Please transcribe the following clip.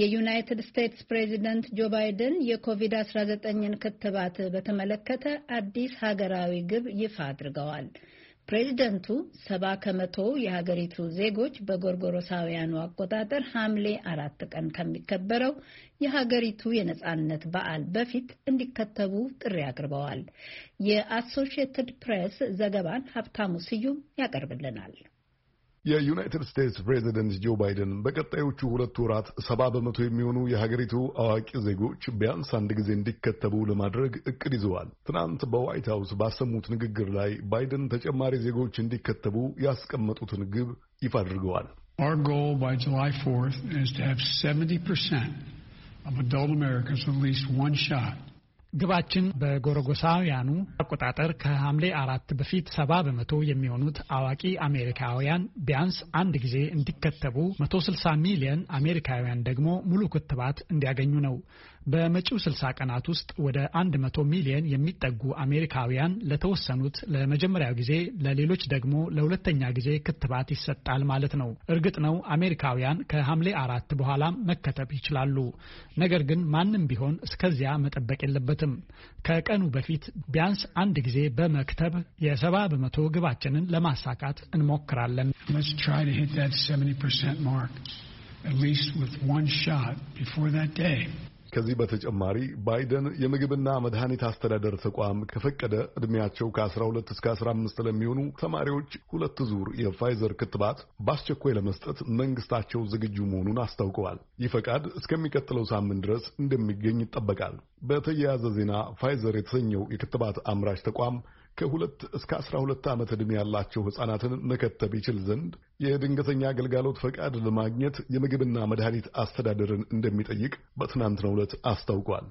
የዩናይትድ ስቴትስ ፕሬዚደንት ጆ ባይደን የኮቪድ-19ን ክትባት በተመለከተ አዲስ ሀገራዊ ግብ ይፋ አድርገዋል። ፕሬዚደንቱ ሰባ ከመቶ የሀገሪቱ ዜጎች በጎርጎሮሳውያኑ አቆጣጠር ሐምሌ አራት ቀን ከሚከበረው የሀገሪቱ የነጻነት በዓል በፊት እንዲከተቡ ጥሪ አቅርበዋል። የአሶሺየትድ ፕሬስ ዘገባን ሀብታሙ ስዩም ያቀርብልናል። የዩናይትድ ስቴትስ ፕሬዚደንት ጆ ባይደን በቀጣዮቹ ሁለት ወራት ሰባ በመቶ የሚሆኑ የሀገሪቱ አዋቂ ዜጎች ቢያንስ አንድ ጊዜ እንዲከተቡ ለማድረግ እቅድ ይዘዋል። ትናንት በዋይት ሀውስ ባሰሙት ንግግር ላይ ባይደን ተጨማሪ ዜጎች እንዲከተቡ ያስቀመጡትን ግብ ይፋ አድርገዋል። Our goal by July 4th is to have 70% of adult Americans at least one shot. ግባችን በጎረጎሳውያኑ አቆጣጠር ከሐምሌ አራት በፊት ሰባ በመቶ የሚሆኑት አዋቂ አሜሪካውያን ቢያንስ አንድ ጊዜ እንዲከተቡ፣ 160 ሚሊዮን አሜሪካውያን ደግሞ ሙሉ ክትባት እንዲያገኙ ነው። በመጪው 60 ቀናት ውስጥ ወደ 100 ሚሊዮን የሚጠጉ አሜሪካውያን ለተወሰኑት ለመጀመሪያው ጊዜ ለሌሎች ደግሞ ለሁለተኛ ጊዜ ክትባት ይሰጣል ማለት ነው። እርግጥ ነው አሜሪካውያን ከሐምሌ አራት በኋላም መከተብ ይችላሉ። ነገር ግን ማንም ቢሆን እስከዚያ መጠበቅ የለበትም። ከቀኑ በፊት ቢያንስ አንድ ጊዜ በመክተብ የሰባ በመቶ ግባችንን ለማሳካት እንሞክራለን። at least with one shot before that day. ከዚህ በተጨማሪ ባይደን የምግብና መድኃኒት አስተዳደር ተቋም ከፈቀደ ዕድሜያቸው ከ12 እስከ 15 ለሚሆኑ ተማሪዎች ሁለት ዙር የፋይዘር ክትባት በአስቸኳይ ለመስጠት መንግስታቸው ዝግጁ መሆኑን አስታውቀዋል። ይህ ፈቃድ እስከሚቀጥለው ሳምንት ድረስ እንደሚገኝ ይጠበቃል። በተያያዘ ዜና ፋይዘር የተሰኘው የክትባት አምራች ተቋም ከሁለት እስከ አስራ ሁለት ዓመት ዕድሜ ያላቸው ሕፃናትን መከተብ ይችል ዘንድ የድንገተኛ አገልጋሎት ፈቃድ ለማግኘት የምግብና መድኃኒት አስተዳደርን እንደሚጠይቅ በትናንትናው ዕለት አስታውቋል።